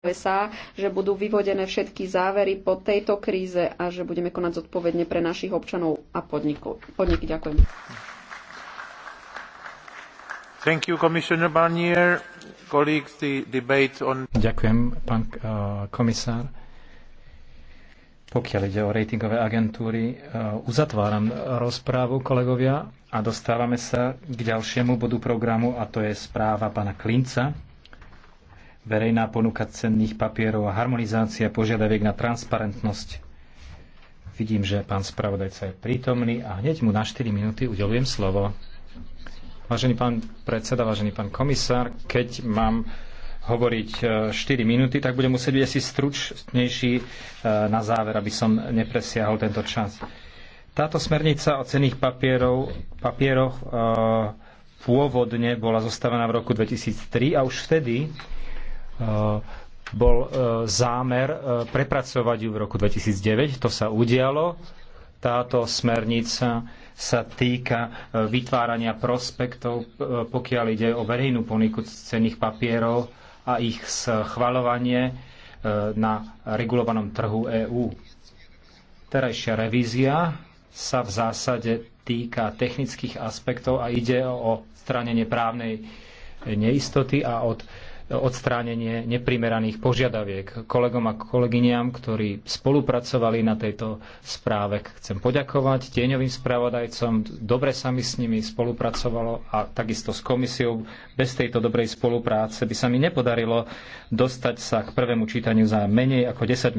USA, že budú vyvodené všetky závery po tejto kríze a že budeme konať zodpovedne pre našich občanov a podnikov. podniky. Ďakujem. Thank you, Commissioner Barnier. Colleagues, the debate on... Ďakujem, pán uh, komisár. Pokiaľ ide o ratingové agentúry, uh, uzatváram rozprávu, kolegovia, a dostávame sa k ďalšiemu bodu programu, a to je správa pána Klinca verejná ponuka cenných papierov a harmonizácia požiadaviek na transparentnosť. Vidím, že pán spravodajca je prítomný a hneď mu na 4 minúty udelujem slovo. Vážený pán predseda, vážený pán komisár, keď mám hovoriť 4 e, minúty, tak budem musieť byť asi stručnejší e, na záver, aby som nepresiahol tento čas. Táto smernica o cených papierov, papieroch e, pôvodne bola zostavená v roku 2003 a už vtedy Eh, bol eh, zámer eh, prepracovať ju v roku 2009. To sa udialo. Táto smernica sa týka vytvárania prospektov, pokiaľ ide o verejnú poniku cenných papierov a ich schvalovanie na regulovanom trhu EÚ. Terajšia revízia sa v zásade týka technických aspektov a ide o odstránenie právnej neistoty a od odstránenie neprimeraných požiadaviek. Kolegom a kolegyňam, ktorí spolupracovali na tejto správe, chcem poďakovať tieňovým spravodajcom. Dobre sa mi s nimi spolupracovalo a takisto s komisiou. Bez tejto dobrej spolupráce by sa mi nepodarilo dostať sa k prvému čítaniu za menej ako 10 e,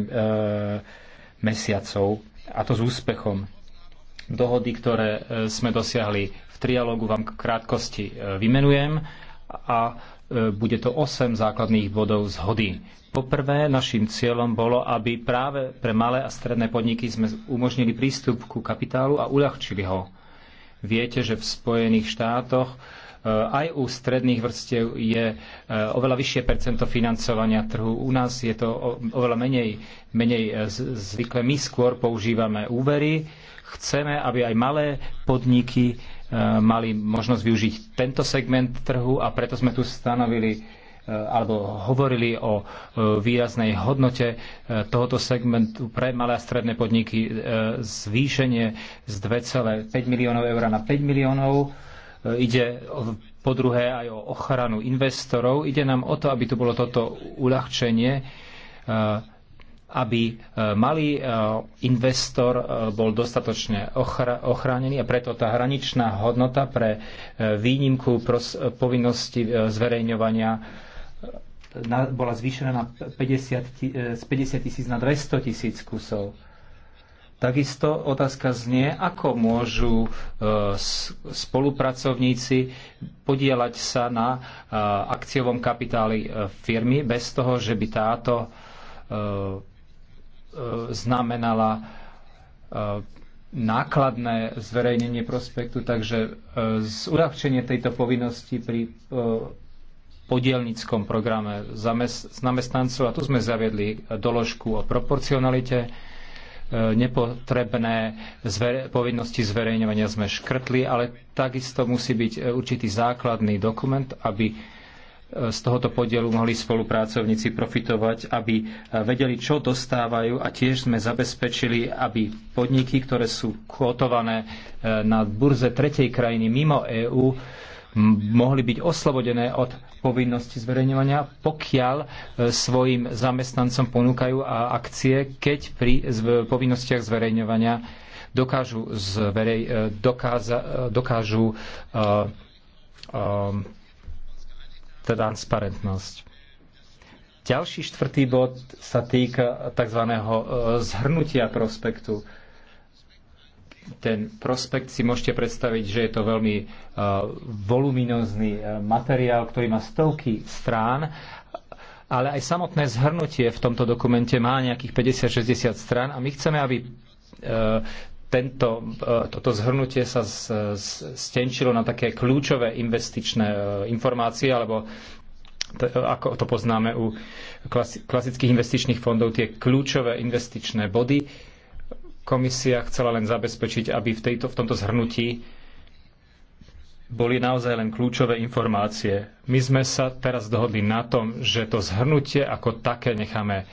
mesiacov. A to s úspechom. Dohody, ktoré e, sme dosiahli v trialógu, vám k krátkosti e, vymenujem a E, bude to 8 základných bodov zhody. Poprvé, našim cieľom bolo, aby práve pre malé a stredné podniky sme umožnili prístup ku kapitálu a uľahčili ho. Viete, že v Spojených štátoch e, aj u stredných vrstiev je e, oveľa vyššie percento financovania trhu. U nás je to oveľa menej, menej zvykle. My skôr používame úvery. Chceme, aby aj malé podniky E, mali možnosť využiť tento segment trhu a preto sme tu stanovili e, alebo hovorili o e, výraznej hodnote tohoto segmentu pre malé a stredné podniky zvýšenie z 2,5 miliónov eur na 5 miliónov. Ide po druhé aj o ochranu investorov. Ide nám o to, aby tu bolo toto uľahčenie aby e, malý e, investor e, bol dostatočne ochránený a preto tá hraničná hodnota pre výnimku povinnosti zverejňovania bola zvýšená na 50, z 50 tisíc na 200 tisíc kusov. Takisto otázka znie, ako môžu spolupracovníci podielať sa na akciovom kapitáli firmy bez toho, že by táto E, znamenala e, nákladné zverejnenie prospektu, takže e, zľahčenie tejto povinnosti pri podielnickom programe zamestnancov, a tu sme zaviedli doložku o proporcionalite, nepotrebné zver- povinnosti zverejňovania sme škrtli, ale takisto musí byť určitý základný dokument, aby z tohoto podielu mohli spolupracovníci profitovať, aby e, vedeli, čo dostávajú a tiež sme zabezpečili, aby podniky, ktoré sú kvotované e, na burze tretej krajiny mimo EÚ, mohli byť oslobodené od povinnosti zverejňovania, pokiaľ e, svojim zamestnancom ponúkajú akcie, keď pri povinnostiach zverejňovania dokážu, zverej, dokáza, dokážu uh, transparentnosť. Ďalší štvrtý bod sa týka tzv. E, zhrnutia prospektu. Ten prospekt si môžete predstaviť, že je to veľmi e, voluminózny e, materiál, ktorý má stovky strán, ale aj samotné zhrnutie v tomto dokumente má nejakých 50-60 strán a my chceme, aby tento, e, toto zhrnutie sa stenčilo na také kľúčové investičné e, informácie, alebo ako to poznáme u klasických investičných fondov, tie kľúčové investičné body. Komisia chcela len zabezpečiť, aby v, tejto, v tomto zhrnutí boli naozaj len kľúčové informácie. My sme sa teraz dohodli na tom, že to zhrnutie ako také necháme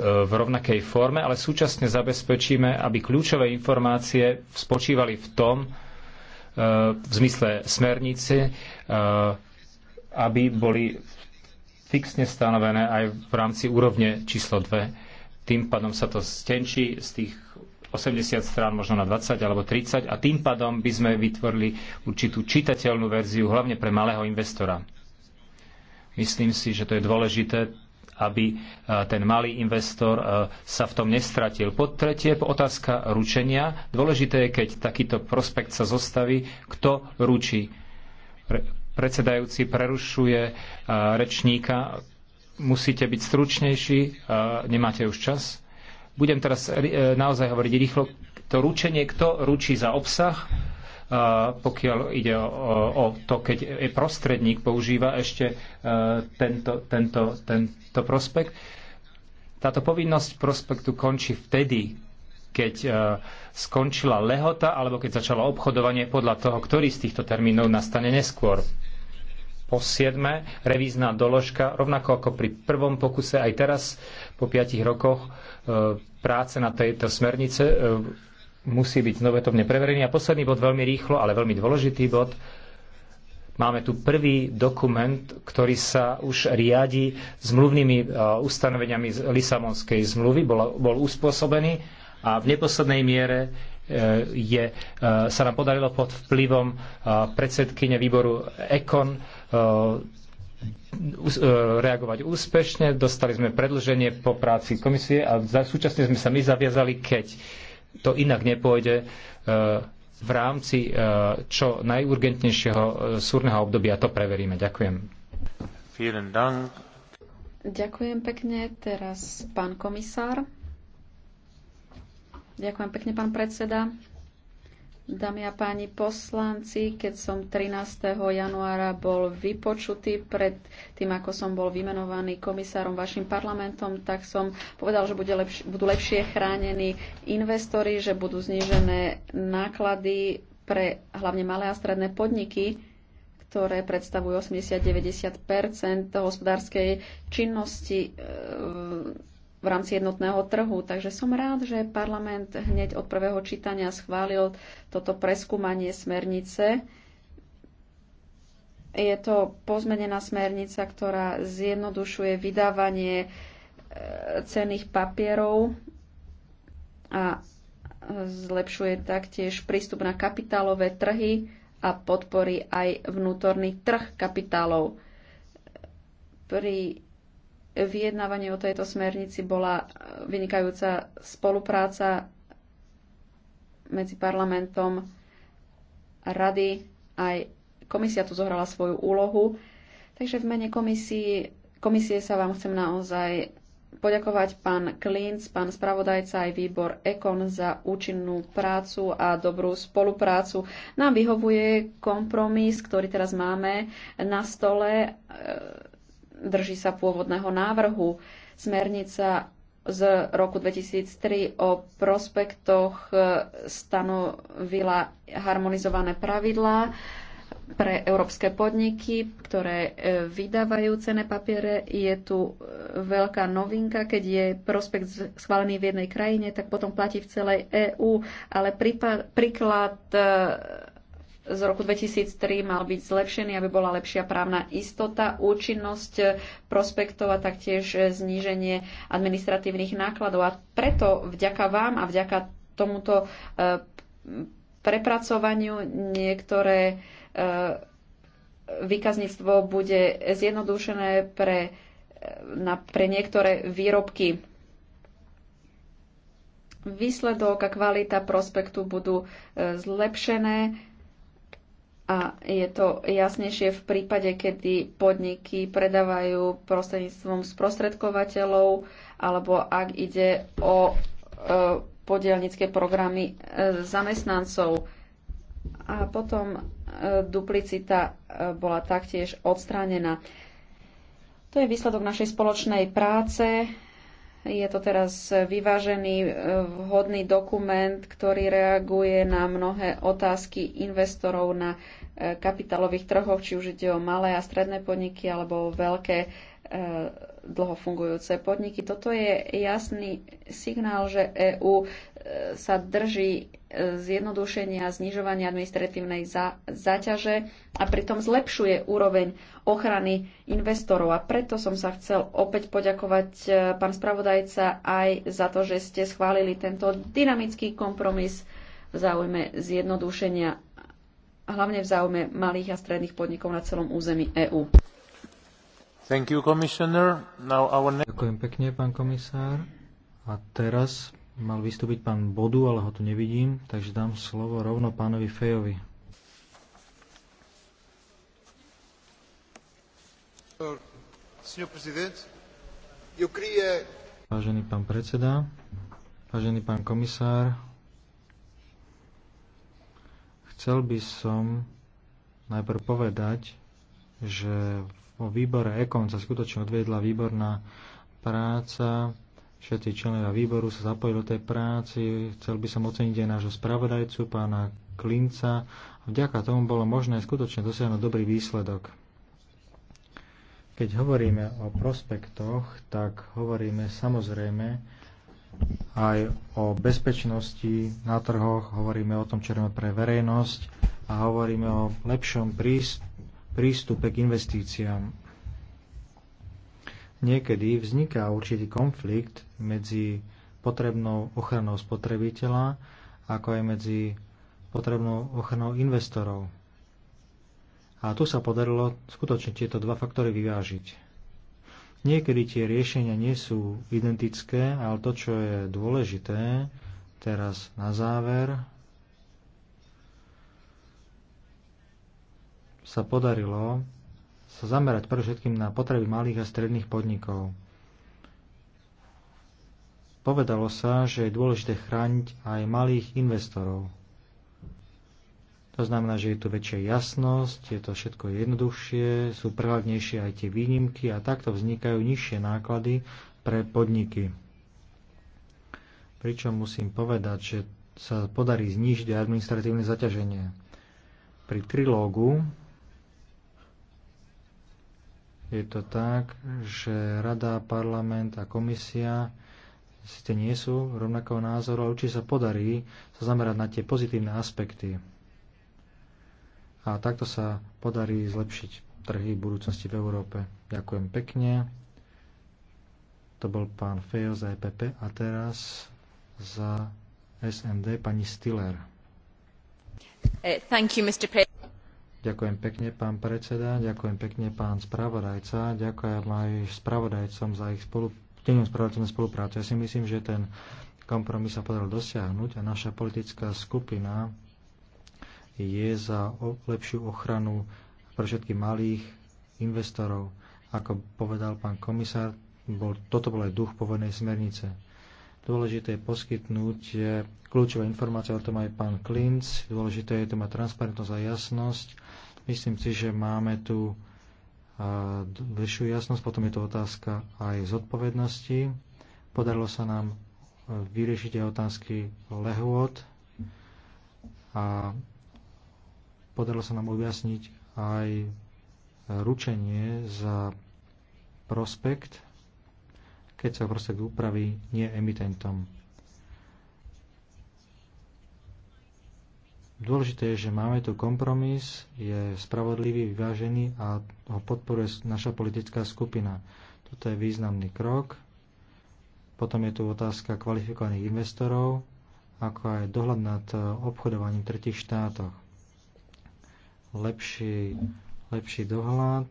v rovnakej forme, ale súčasne zabezpečíme, aby kľúčové informácie spočívali v tom, e, v zmysle smernice, e, aby boli fixne stanovené aj v rámci úrovne číslo 2. Tým pádom sa to stenčí z tých 80 strán možno na 20 alebo 30 a tým pádom by sme vytvorili určitú čitateľnú verziu, hlavne pre malého investora. Myslím si, že to je dôležité aby e, ten malý investor e, sa v tom nestratil. Po tretie, otázka ručenia. Dôležité je, keď takýto prospekt sa zostaví, kto ručí. Predsedajúci prerušuje e, rečníka. Musíte byť stručnejší, nemáte už čas. Budem teraz naozaj hovoriť rýchlo. To ručenie, kto ručí za obsah, pokiaľ ide o, o to, keď prostredník používa ešte e, tento, tento, tento prospekt. Táto povinnosť prospektu končí vtedy, keď e, skončila lehota alebo keď začalo obchodovanie podľa toho, ktorý z týchto termínov nastane neskôr. Po siedme, revízna doložka, rovnako ako pri prvom pokuse, aj teraz po piatich rokoch e, práce na tejto smernice musí byť znovetovne preverený. A posledný bod, veľmi rýchlo, ale veľmi dôležitý bod. Máme tu prvý dokument, ktorý sa už riadi zmluvnými e, ustanoveniami z Lisabonskej zmluvy, bol, bol uspôsobený a v neposlednej miere e, je, e, sa nám podarilo pod vplyvom predsedkyne výboru EKON reagovať úspešne. Dostali sme predlženie po práci komisie a súčasne sme sa my zaviazali, keď to inak nepôjde e, v rámci e, čo najurgentnejšieho e, súrneho obdobia. To preveríme. Ďakujem. Ďakujem pekne. Teraz pán komisár. Ďakujem pekne, pán predseda. Dámy a páni poslanci, keď som 13. januára bol vypočutý pred tým, ako som bol vymenovaný komisárom vašim parlamentom, tak som povedal, že bude lepš- budú lepšie chránení investori, že budú znížené náklady pre hlavne malé a stredné podniky, ktoré predstavujú 80-90 hospodárskej činnosti. E- v rámci jednotného trhu. Takže som rád, že parlament hneď od prvého čítania schválil toto preskúmanie smernice. Je to pozmenená smernica, ktorá zjednodušuje vydávanie e, cenných papierov a zlepšuje taktiež prístup na kapitálové trhy a podporí aj vnútorný trh kapitálov. Pri vyjednávanie o tejto smernici bola vynikajúca spolupráca medzi parlamentom, rady, aj komisia tu zohrala svoju úlohu. Takže v mene komisii, komisie sa vám chcem naozaj poďakovať pán Klinc, pán spravodajca aj výbor Ekon za účinnú prácu a dobrú spoluprácu. Nám vyhovuje kompromis, ktorý teraz máme na stole. E drží sa pôvodného návrhu. Smernica z roku 2003 o prospektoch e, stanovila harmonizované pravidlá pre európske podniky, ktoré e, vydávajú cené papiere. Je tu e, veľká novinka, keď je prospekt schválený v jednej krajine, tak potom platí v celej EÚ, ale prípad, príklad z roku 2003 mal byť zlepšený, aby bola lepšia právna istota, účinnosť prospektov a taktiež zníženie administratívnych nákladov. A preto vďaka vám a vďaka tomuto e, prepracovaniu niektoré e, výkazníctvo bude zjednodušené pre, e, na, pre niektoré výrobky. Výsledok a kvalita prospektu budú zlepšené a je to jasnejšie v prípade, kedy podniky predávajú prostredníctvom sprostredkovateľov alebo ak ide o e, podielnické programy e, zamestnancov. A potom e, duplicita e, bola taktiež odstránená. To je výsledok našej spoločnej práce. Je to teraz vyvážený, e, vhodný dokument, ktorý reaguje na mnohé otázky investorov na e, kapitálových trhoch, či už ide o malé a stredné podniky alebo o veľké e, dlho fungujúce podniky. Toto je jasný signál, že EÚ e, sa drží e, zjednodušenia, a znižovania administratívnej záťaže a pritom zlepšuje úroveň ochrany investorov. A preto som sa chcel opäť poďakovať, e, pán spravodajca, aj za to, že ste schválili tento dynamický kompromis v záujme zjednodušenia, hlavne v záujme malých a stredných podnikov na celom území EÚ. You, our... Ďakujem pekne, pán komisár. A teraz mal vystúpiť pán Bodu, ale ho tu nevidím, takže dám slovo rovno pánovi Fejovi. Vážený pán predseda, vážený pán komisár, chcel by som najprv povedať, že vo výbore EKON sa skutočne odvedla výborná práca. Všetci členovia výboru sa zapojili do tej práci. Chcel by som oceniť aj nášho spravodajcu, pána Klinca. Vďaka tomu bolo možné skutočne dosiahnuť dobrý výsledok. Keď hovoríme o prospektoch, tak hovoríme samozrejme aj o bezpečnosti na trhoch, hovoríme o tom, čo robíme pre verejnosť a hovoríme o lepšom prístupu prístupe k investíciám. Niekedy vzniká určitý konflikt medzi potrebnou ochranou spotrebiteľa, ako aj medzi potrebnou ochranou investorov. A tu sa podarilo skutočne tieto dva faktory vyvážiť. Niekedy tie riešenia nie sú identické, ale to, čo je dôležité teraz na záver, sa podarilo sa zamerať všetkým na potreby malých a stredných podnikov. Povedalo sa, že je dôležité chrániť aj malých investorov. To znamená, že je tu väčšia jasnosť, je to všetko jednoduchšie, sú prehľadnejšie aj tie výnimky a takto vznikajú nižšie náklady pre podniky. Pričom musím povedať, že sa podarí znížiť administratívne zaťaženie. Pri trilógu je to tak, že Rada, parlament a komisia síce nie sú rovnakého názoru, ale určite sa podarí sa zamerať na tie pozitívne aspekty. A takto sa podarí zlepšiť trhy v budúcnosti v Európe. Ďakujem pekne. To bol pán Fejo za EPP a teraz za SND pani Stiller. Eh, thank you, Mr. President. Ďakujem pekne, pán predseda, ďakujem pekne, pán spravodajca, ďakujem aj spravodajcom za ich spolu, spravodajcom spoluprácu. Ja si myslím, že ten kompromis sa podaril dosiahnuť a naša politická skupina je za lepšiu ochranu pre všetkých malých investorov. Ako povedal pán komisár, bol, toto bol aj duch povednej smernice. Dôležité je poskytnúť eh, kľúčové informácie, o tom aj pán Klinc. Dôležité je to mať transparentnosť a jasnosť. Myslím si, že máme tu eh, vyššiu jasnosť, potom je to otázka aj zodpovednosti. Podarilo sa nám eh, vyriešiť aj otázky lehôd a podarilo sa nám objasniť aj ručenie za prospekt keď sa prostriedok upraví nie emitentom. Dôležité je, že máme tu kompromis, je spravodlivý, vyvážený a ho podporuje naša politická skupina. Toto je významný krok. Potom je tu otázka kvalifikovaných investorov, ako aj dohľad nad e, obchodovaním v tretich štátoch. Lepší, lepší dohľad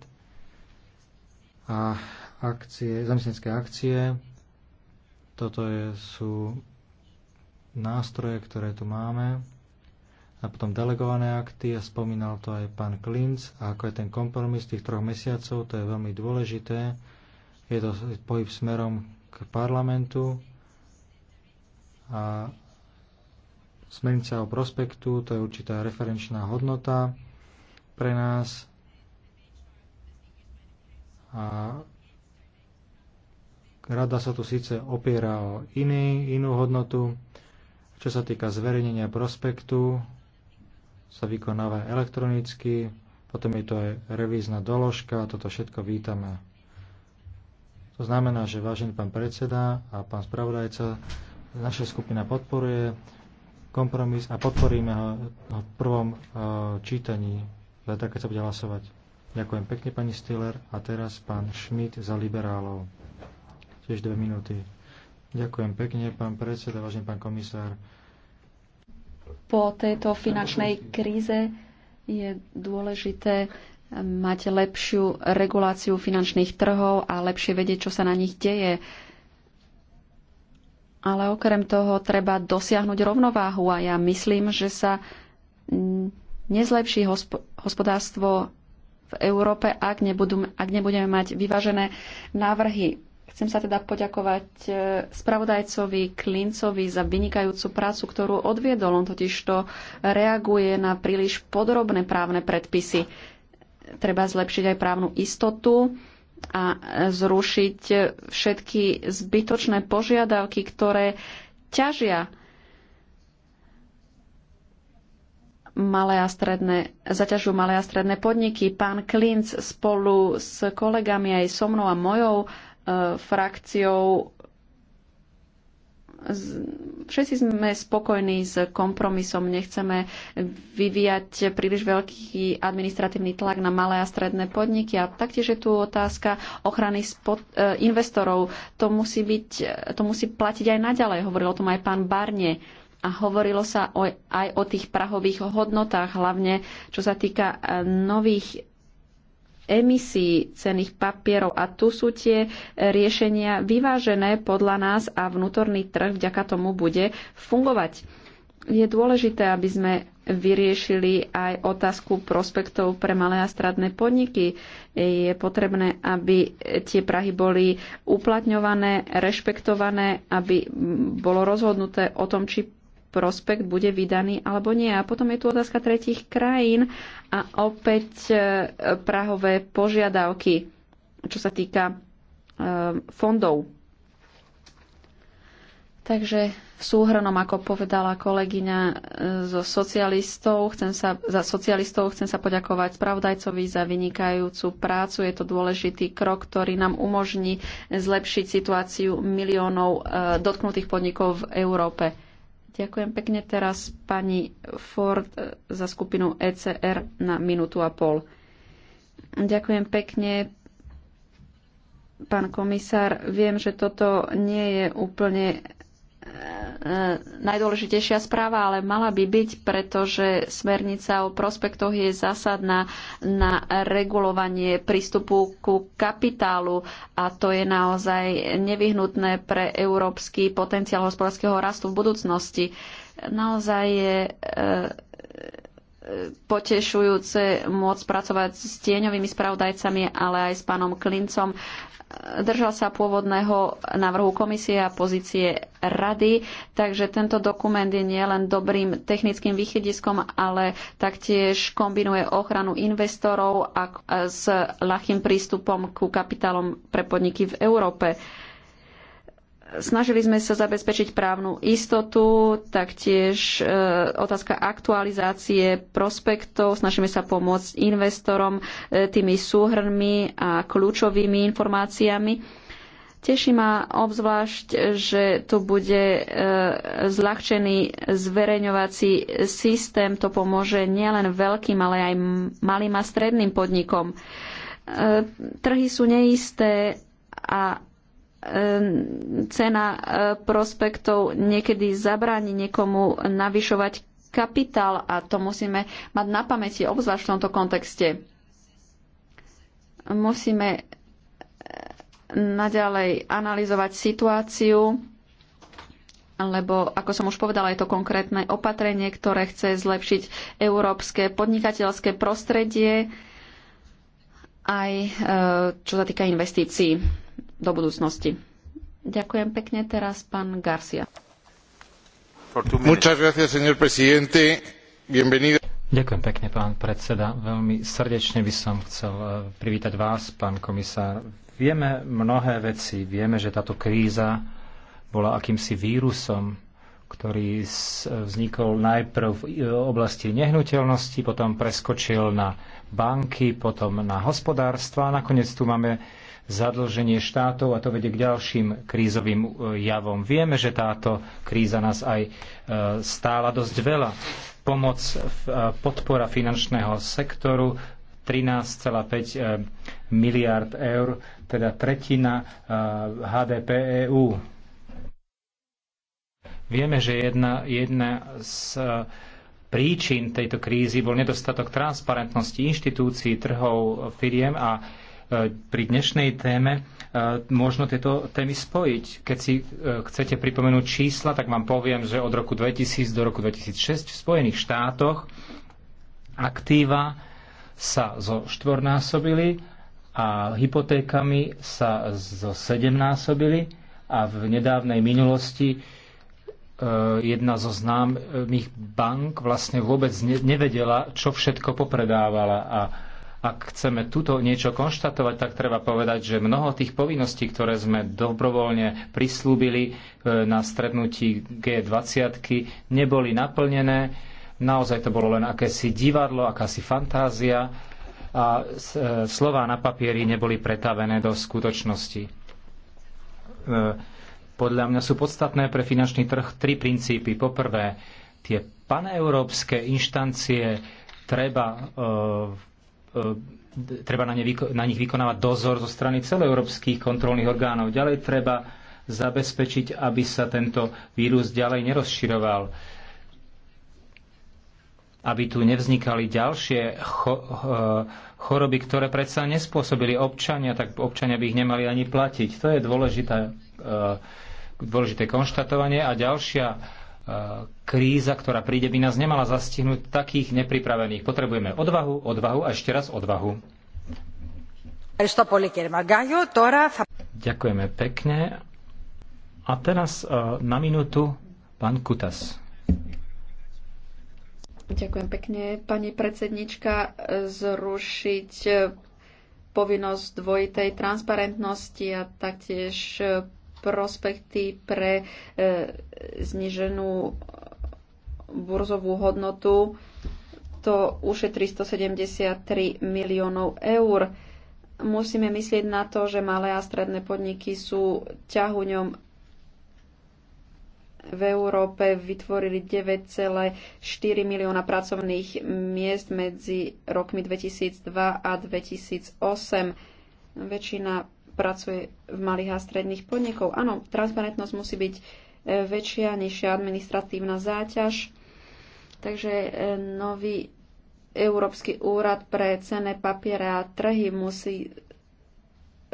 a akcie, zamestnanecké akcie. Toto je, sú nástroje, ktoré tu máme. A potom delegované akty, a spomínal to aj pán Klinc, a ako je ten kompromis tých troch mesiacov, to je veľmi dôležité. Je to pohyb smerom k parlamentu a smernica o prospektu, to je určitá referenčná hodnota pre nás a Rada sa tu síce opiera o iný, inú hodnotu. Čo sa týka zverejnenia prospektu, sa vykonáva elektronicky, potom je to aj revízna doložka, toto všetko vítame. To znamená, že vážený pán predseda a pán spravodajca, naša skupina podporuje kompromis a podporíme ho v prvom e, čítaní, zajtra keď sa bude hlasovať. Ďakujem pekne, pani Stiller. A teraz pán Schmidt za liberálov tiež dve minúty. Ďakujem pekne, pán predseda, vážený pán komisár. Po tejto finančnej kríze je dôležité mať lepšiu reguláciu finančných trhov a lepšie vedieť, čo sa na nich deje. Ale okrem toho treba dosiahnuť rovnováhu a ja myslím, že sa nezlepší hospodárstvo v Európe, ak, ak nebudeme mať vyvážené návrhy. Chcem sa teda poďakovať e, spravodajcovi Klincovi za vynikajúcu prácu, ktorú odviedol. On totiž to reaguje na príliš podrobné právne predpisy. Treba zlepšiť aj právnu istotu a zrušiť všetky zbytočné požiadavky, ktoré ťažia malé a stredné, zaťažujú malé a stredné podniky. Pán Klinc spolu s kolegami aj so mnou a mojou frakciou všetci sme spokojní s kompromisom, nechceme vyvíjať príliš veľký administratívny tlak na malé a stredné podniky. A taktiež je tu otázka ochrany spod, e, investorov. To musí, byť, to musí platiť aj naďalej, hovoril o tom aj pán Barne. A hovorilo sa o, aj o tých prahových hodnotách, hlavne čo sa týka e, nových emisí cených papierov a tu sú tie riešenia vyvážené podľa nás a vnútorný trh vďaka tomu bude fungovať. Je dôležité, aby sme vyriešili aj otázku prospektov pre malé a stradné podniky. Je potrebné, aby tie prahy boli uplatňované, rešpektované, aby bolo rozhodnuté o tom, či prospekt bude vydaný alebo nie. A potom je tu otázka tretích krajín a opäť e, prahové požiadavky, čo sa týka e, fondov. Takže v súhrnom, ako povedala kolegyňa e, zo socialistov, chcem sa, za socialistov chcem sa poďakovať spravodajcovi za vynikajúcu prácu. Je to dôležitý krok, ktorý nám umožní zlepšiť situáciu miliónov dotknutých podnikov v Európe. Ďakujem pekne teraz pani Ford eh, za skupinu ECR na minútu a pol. Ďakujem pekne, pán komisár. Viem, že toto nie je úplne E, e, najdôležitejšia správa, ale mala by byť, pretože smernica o prospektoch je zásadná na regulovanie prístupu ku kapitálu a to je naozaj nevyhnutné pre európsky potenciál hospodárskeho rastu v budúcnosti. Naozaj je e, potešujúce môcť pracovať s tieňovými spravodajcami, ale aj s pánom Klincom. Držal sa pôvodného návrhu komisie a pozície rady, takže tento dokument je nielen dobrým technickým východiskom, ale taktiež kombinuje ochranu investorov a s ľahkým prístupom ku kapitálom pre podniky v Európe. Snažili sme sa zabezpečiť právnu istotu, taktiež e, otázka aktualizácie prospektov. Snažíme sa pomôcť investorom e, tými súhrnmi a kľúčovými informáciami. Teší ma obzvlášť, že tu bude e, zľahčený zverejňovací systém. To pomôže nielen veľkým, ale aj malým a stredným podnikom. E, trhy sú neisté a Ehm, cena e, prospektov niekedy zabráni niekomu navyšovať kapitál a to musíme mať na pamäti, obzvlášť v tomto kontexte. Musíme e, naďalej analyzovať situáciu, lebo, ako som už povedala, je to konkrétne opatrenie, ktoré chce zlepšiť európske podnikateľské prostredie aj e, čo sa týka investícií do budúcnosti. Ďakujem pekne teraz pán Garcia. Ďakujem pekne, pán predseda. Veľmi srdečne by som chcel e, privítať vás, pán komisár. Vieme mnohé veci. Vieme, že táto kríza bola akýmsi vírusom, ktorý vznikol najprv v e, oblasti nehnuteľnosti, potom preskočil na banky, potom na hospodárstva a nakoniec tu máme zadlženie štátov a to vedie k ďalším krízovým e, javom. Vieme, že táto kríza nás aj e, stála dosť veľa. Pomoc, e, podpora finančného sektoru 13,5 miliard eur, teda tretina HDP EÚ. Vieme, že jedna, jedna z príčin tejto krízy bol nedostatok transparentnosti inštitúcií, trhov, firiem a E, pri dnešnej téme e, možno tieto témy spojiť. Keď si e, chcete pripomenúť čísla, tak vám poviem, že od roku 2000 do roku 2006 v Spojených štátoch aktíva sa zo štvornásobili a hypotékami sa zo sedemnásobili a v nedávnej minulosti jedna zo známych bank vlastne vôbec nevedela, čo všetko popredávala a ak chceme tuto niečo konštatovať, tak treba povedať, že mnoho tých povinností, ktoré sme dobrovoľne prislúbili e, na stretnutí G20, neboli naplnené. Naozaj to bolo len akési divadlo, akási fantázia a e, slova na papieri neboli pretavené do skutočnosti. E, podľa mňa sú podstatné pre finančný trh tri princípy. Poprvé, tie paneurópske inštancie treba E, treba na, ne, na nich vykonávať dozor zo strany celoeurópskych kontrolných orgánov. Ďalej treba zabezpečiť, aby sa tento vírus ďalej nerozširoval aby tu nevznikali ďalšie cho- e, choroby, ktoré predsa nespôsobili občania, tak občania by ich nemali ani platiť. To je dôležité, e, dôležité konštatovanie. A ďalšia kríza, ktorá príde, by nás nemala zastihnúť takých nepripravených. Potrebujeme odvahu, odvahu a ešte raz odvahu. Ďakujeme pekne. A teraz na minútu pán Kutas. Ďakujem pekne. Pani predsednička, e, zrušiť e, povinnosť dvojitej transparentnosti a taktiež e, prospekty pre e, zniženú burzovú hodnotu. To už je 373 miliónov eur. Musíme myslieť na to, že malé a stredné podniky sú ťahuňom v Európe vytvorili 9,4 milióna pracovných miest medzi rokmi 2002 a 2008. Väčšina pracuje v malých a stredných podnikov. Áno, transparentnosť musí byť e, väčšia, nižšia administratívna záťaž. Takže e, nový Európsky úrad pre cenné papiere a trhy musí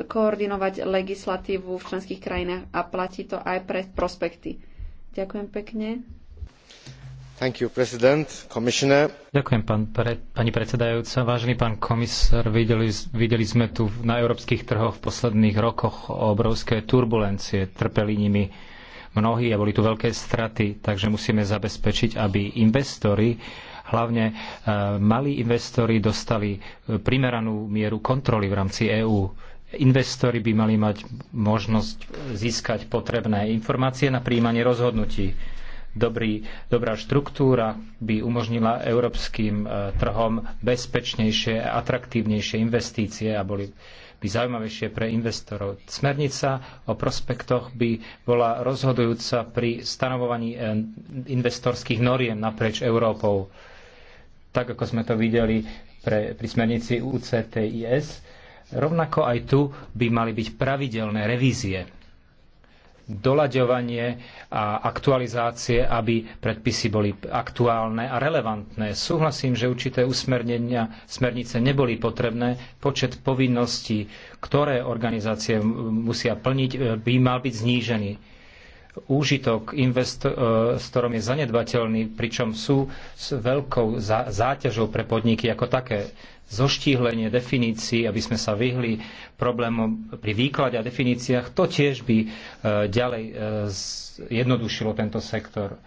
koordinovať legislatívu v členských krajinách a platí to aj pre prospekty. Ďakujem pekne. Ďakujem, pán, predsedajúca. pán komisár, videli, videli, sme tu na európskych trhoch v posledných rokoch obrovské turbulencie. Trpeli nimi mnohí a boli tu veľké straty, takže musíme zabezpečiť, aby investori, hlavne e, malí investori, dostali e, primeranú mieru kontroly v rámci EÚ. Investori by mali mať možnosť získať potrebné informácie na príjmanie rozhodnutí Dobrý, dobrá štruktúra by umožnila európskym e, trhom bezpečnejšie a atraktívnejšie investície a boli by zaujímavejšie pre investorov. Smernica o prospektoch by bola rozhodujúca pri stanovovaní e, investorských noriem naprieč Európou. Tak, ako sme to videli pre, pri smernici UCTIS, rovnako aj tu by mali byť pravidelné revízie dolaďovanie a aktualizácie, aby predpisy boli aktuálne a relevantné. Súhlasím, že určité usmernenia smernice neboli potrebné. Počet povinností, ktoré organizácie musia plniť, by mal byť znížený úžitok investorom e, je zanedbateľný, pričom sú s veľkou záťažou pre podniky ako také. Zoštíhlenie definícií, aby sme sa vyhli problémom pri výklade a definíciách, to tiež by e, ďalej e, jednodušilo tento sektor.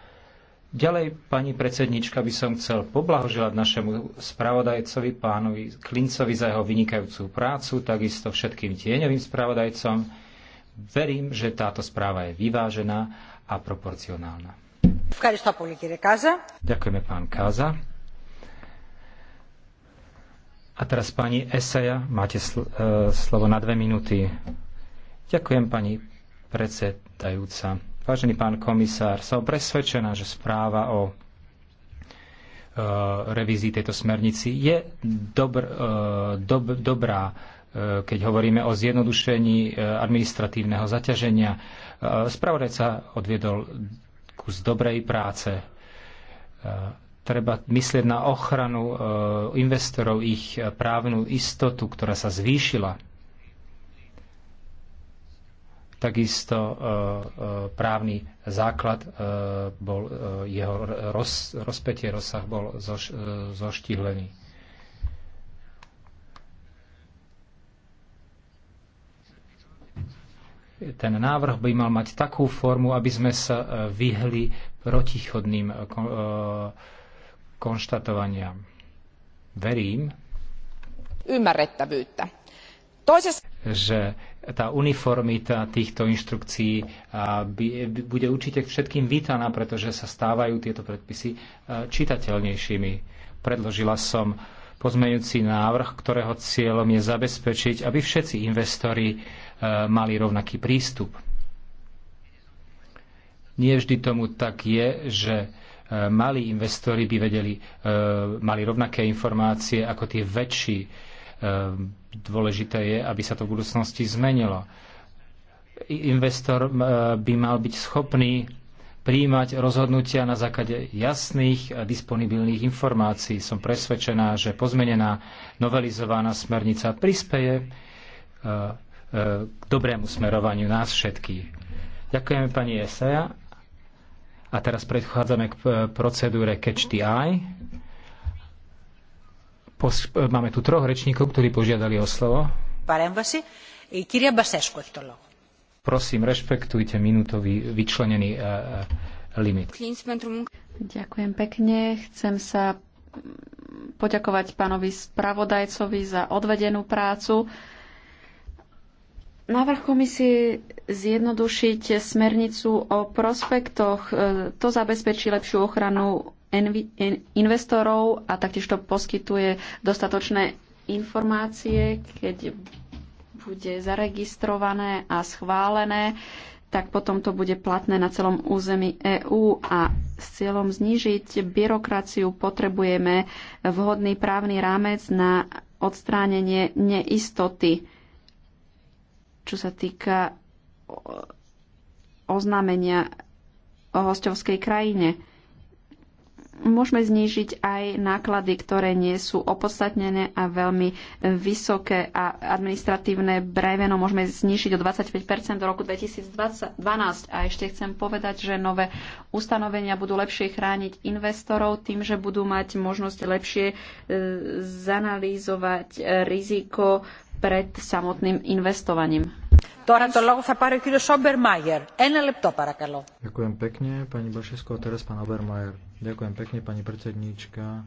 Ďalej, pani predsednička, by som chcel poblahoželať našemu spravodajcovi, pánovi Klincovi za jeho vynikajúcu prácu, takisto všetkým tieňovým spravodajcom Verím, že táto správa je vyvážená a proporcionálna. Ďakujeme pán Káza. A teraz pani Esaja, máte sl- e, slovo na dve minúty. Ďakujem pani predsedajúca. Vážený pán komisár, som presvedčená, že správa o e, revízii tejto smernici je dobr, e, dob, dobrá keď hovoríme o zjednodušení e, administratívneho zaťaženia. E, spravodajca odviedol kus dobrej práce. E, treba myslieť na ochranu investorov, ich právnu istotu, ktorá sa zvýšila. Takisto právny základ bol, jeho rozpetie, rozsah bol zoštihlený. zoštíhlený ten návrh by mal mať takú formu, aby sme sa e, vyhli protichodným e, e, konštatovaniam. Verím, že tá uniformita týchto inštrukcií bude určite všetkým vítaná, pretože sa stávajú tieto predpisy čitateľnejšími. Predložila som pozmeňujúci návrh, ktorého cieľom je zabezpečiť, aby všetci investori e, mali rovnaký prístup. Nie vždy tomu tak je, že e, malí investori by vedeli, e, mali rovnaké informácie ako tie väčší. Dôležité je, aby sa to v budúcnosti zmenilo. Investor by mal byť schopný príjmať rozhodnutia na základe jasných a disponibilných informácií. Som presvedčená, že pozmenená novelizovaná smernica prispeje e, e, k dobrému smerovaniu nás všetkých. Ďakujeme pani Eseja. A teraz predchádzame k e, procedúre Catch the Eye. Pos- máme tu troch rečníkov, ktorí požiadali o slovo. Παρέμβαση. Η κυρία Basesko, έχει το Prosím, rešpektujte minútový vyčlenený e, e, limit. Ďakujem pekne. Chcem sa poďakovať pánovi spravodajcovi za odvedenú prácu. Návrh komisie zjednodušiť smernicu o prospektoch, e, to zabezpečí lepšiu ochranu investorov a taktiež to poskytuje dostatočné informácie, keď bude zaregistrované a schválené, tak potom to bude platné na celom území EÚ a s cieľom znížiť byrokraciu potrebujeme vhodný právny rámec na odstránenie neistoty, čo sa týka oznámenia o hostovskej krajine môžeme znížiť aj náklady, ktoré nie sú opodstatnené a veľmi vysoké a administratívne breveno môžeme znížiť o 25 do roku 2012. A ešte chcem povedať, že nové ustanovenia budú lepšie chrániť investorov tým, že budú mať možnosť lepšie e, zanalýzovať riziko pred samotným investovaním. Ďakujem pekne, pani teraz pán Obermajer. Ďakujem pekne, pani predsedníčka.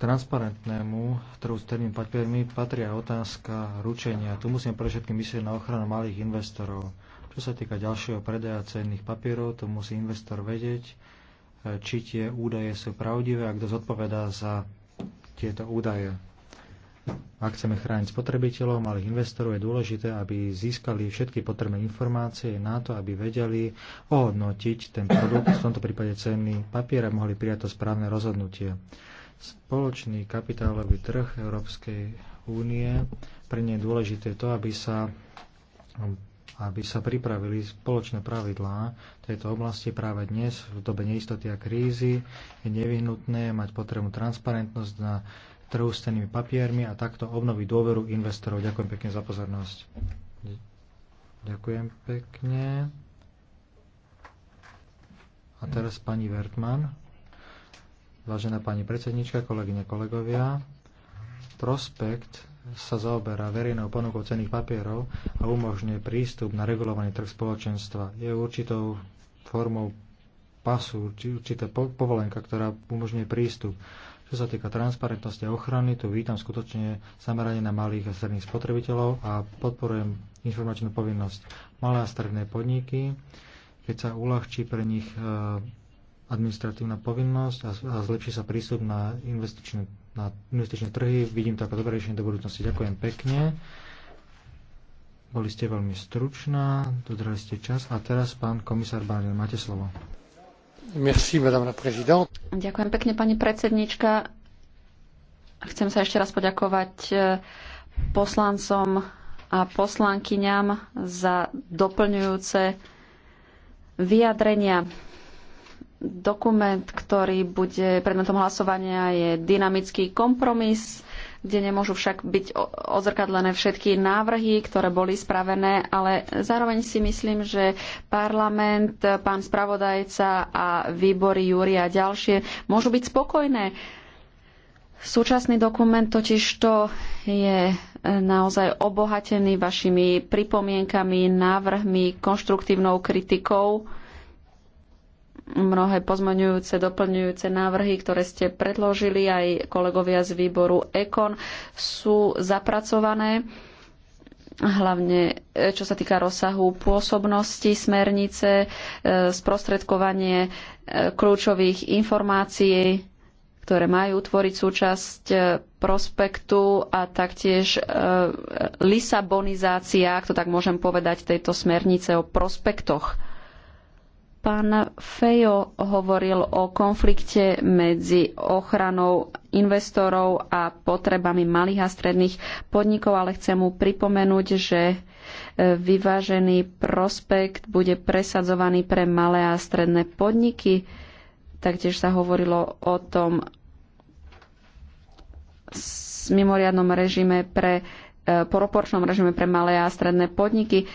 Transparentnému trhu s cennými papiermi aj otázka ručenia. Tu musíme pre všetkým myslieť na ochranu malých investorov. Čo sa týka ďalšieho predaja cenných papierov, to musí investor vedieť, eh, či tie údaje sú pravdivé a kto zodpovedá za tieto údaje. Ak chceme chrániť spotrebiteľov, malých investorov, je dôležité, aby získali všetky potrebné informácie na to, aby vedeli ohodnotiť ten produkt, v tomto prípade cenný papier a mohli prijať to správne rozhodnutie. Spoločný kapitálový trh Európskej únie, pre ne je dôležité to, aby sa aby sa pripravili spoločné pravidlá tejto oblasti práve dnes, v dobe neistoty a krízy, je nevyhnutné mať potrebnú transparentnosť na trhu s cenými papiermi a takto obnoviť dôveru investorov. Ďakujem pekne za pozornosť. Ďakujem pekne. A teraz pani Vertman. Vážená pani predsednička, kolegyne, kolegovia. Prospekt sa zaoberá verejnou ponukou cených papierov a umožňuje prístup na regulovaný trh spoločenstva. Je určitou formou pasu, či určité povolenka, ktorá umožňuje prístup. Čo sa týka transparentnosti a ochrany, tu vítam skutočne zameranie na malých a stredných spotrebiteľov a podporujem informačnú povinnosť malé a stredné podniky, keď sa uľahčí pre nich e, administratívna povinnosť a zlepší sa prístup na investičné, na investičné trhy. Vidím to ako dobré riešenie do budúcnosti. Ďakujem pekne. Boli ste veľmi stručná, dodrali ste čas a teraz pán komisár Barnier, máte slovo. Ďakujem pekne, pani predsednička. Chcem sa ešte raz poďakovať e, poslancom a poslankyňam za doplňujúce vyjadrenia. Dokument, ktorý bude predmetom hlasovania, je dynamický kompromis kde nemôžu však byť odzrkadlené všetky návrhy, ktoré boli spravené, ale zároveň si myslím, že parlament, pán spravodajca a výbory Júri a ďalšie môžu byť spokojné. Súčasný dokument totiž to je naozaj obohatený vašimi pripomienkami, návrhmi, konštruktívnou kritikou mnohé pozmeňujúce, doplňujúce návrhy, ktoré ste predložili aj kolegovia z výboru EKON, sú zapracované hlavne e, čo sa týka rozsahu pôsobnosti smernice, e, sprostredkovanie e, kľúčových informácií, ktoré majú tvoriť súčasť prospektu a taktiež lisabonizácia, ak to tak môžem povedať, tejto smernice o prospektoch. Pán Fejo hovoril o konflikte medzi ochranou investorov a potrebami malých a stredných podnikov, ale chcem mu pripomenúť, že e, vyvážený prospekt bude presadzovaný pre malé a stredné podniky. Taktiež sa hovorilo o tom s mimoriadnom režime pre e, proporčnom režime pre malé a stredné podniky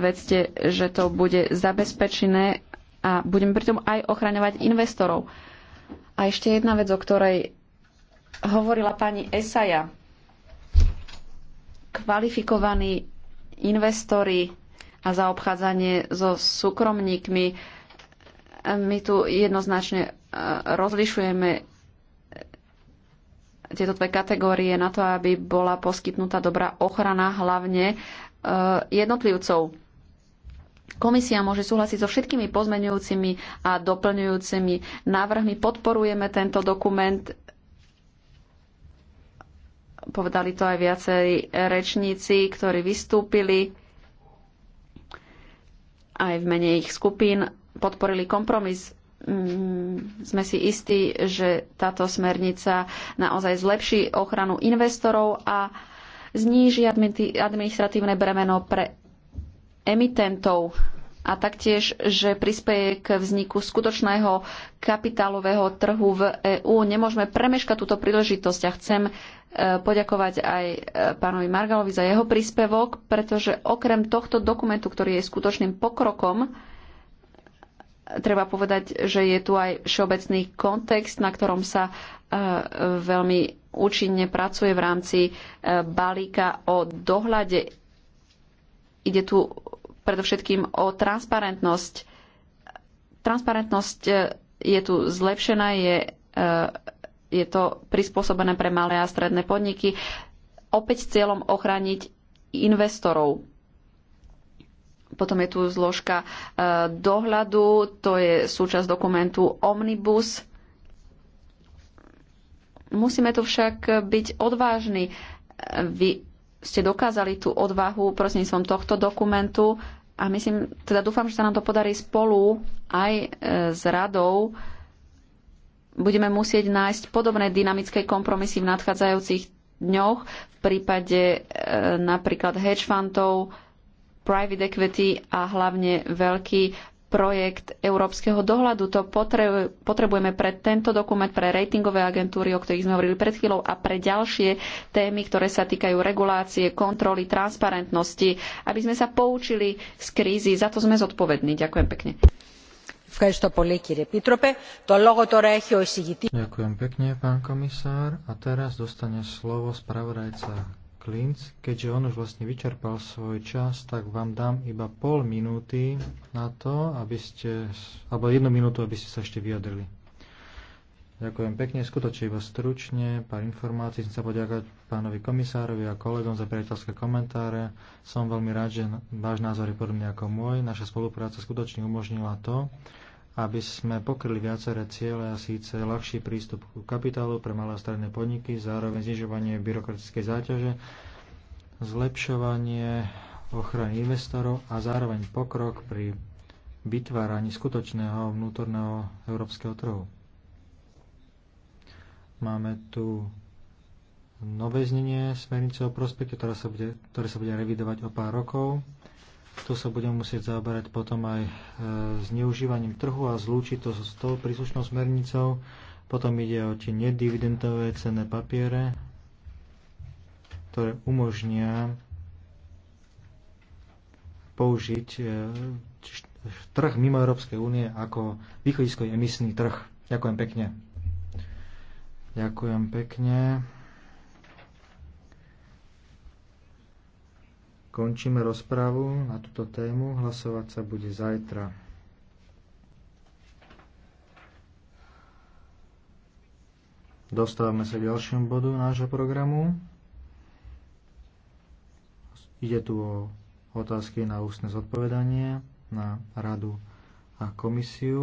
vedzte, že to bude zabezpečené a budeme pritom aj ochraňovať investorov. A ešte jedna vec, o ktorej hovorila pani Esaja. Kvalifikovaní investori a zaobchádzanie so súkromníkmi. My tu jednoznačne e, rozlišujeme tieto dve kategórie na to, aby bola poskytnutá dobrá ochrana, hlavne Eh, jednotlivcov. Komisia môže súhlasiť so všetkými pozmenujúcimi a doplňujúcimi návrhmi. Podporujeme tento dokument. Povedali to aj viacerí rečníci, ktorí vystúpili aj v mene ich skupín. Podporili kompromis mm, sme si istí, že táto smernica naozaj zlepší ochranu investorov a zníži administratívne bremeno pre emitentov a taktiež, že prispieje k vzniku skutočného kapitálového trhu v EÚ. Nemôžeme premeškať túto príležitosť a chcem e, poďakovať aj e, pánovi Margalovi za jeho príspevok, pretože okrem tohto dokumentu, ktorý je skutočným pokrokom, treba povedať, že je tu aj všeobecný kontext, na ktorom sa e, veľmi účinne pracuje v rámci e, balíka o dohľade. Ide tu predovšetkým o transparentnosť. Transparentnosť e, je tu zlepšená, je, e, je to prispôsobené pre malé a stredné podniky, opäť s cieľom ochrániť investorov. Potom je tu zložka dohľadu, to je súčasť dokumentu Omnibus Musíme tu však byť odvážni. Vy ste dokázali tú odvahu prosím tohto dokumentu a myslím, teda dúfam, že sa nám to podarí spolu aj e, s radou. Budeme musieť nájsť podobné dynamické kompromisy v nadchádzajúcich dňoch v prípade e, napríklad hedge fundov, private equity a hlavne veľký projekt európskeho dohľadu. To potrebujeme pre tento dokument, pre ratingové agentúry, o ktorých sme hovorili pred chvíľou, a pre ďalšie témy, ktoré sa týkajú regulácie, kontroly, transparentnosti, aby sme sa poučili z krízy. Za to sme zodpovední. Ďakujem pekne. Ďakujem pekne, pán komisár. A teraz dostane slovo spravodajca Klinc, keďže on už vlastne vyčerpal svoj čas, tak vám dám iba pol minúty na to, aby ste, alebo jednu minútu, aby ste sa ešte vyjadrili. Ďakujem pekne, skutočne iba stručne, pár informácií. Chcem sa poďakovať pánovi komisárovi a kolegom za priateľské komentáre. Som veľmi rád, že váš názor je podobný ako môj. Naša spolupráca skutočne umožnila to, aby sme pokryli viaceré ciele a síce ľahší prístup k kapitálu pre malé a stredné podniky, zároveň znižovanie byrokratickej záťaže, zlepšovanie ochrany investorov a zároveň pokrok pri vytváraní skutočného vnútorného európskeho trhu. Máme tu nové znenie smernice o prospekte, ktoré sa bude, ktoré sa bude revidovať o pár rokov tu sa budeme musieť zaoberať potom aj e, zneužívaním trhu a zlúčiť to s tou príslušnou smernicou. Potom ide o tie nedividendové cenné papiere, ktoré umožnia použiť e, trh mimo Európskej únie ako východiskový emisný trh. Ďakujem pekne. Ďakujem pekne. Končíme rozprávu na túto tému. Hlasovať sa bude zajtra. Dostávame sa k ďalšiemu bodu nášho programu. Ide tu o otázky na ústne zodpovedanie, na radu a komisiu.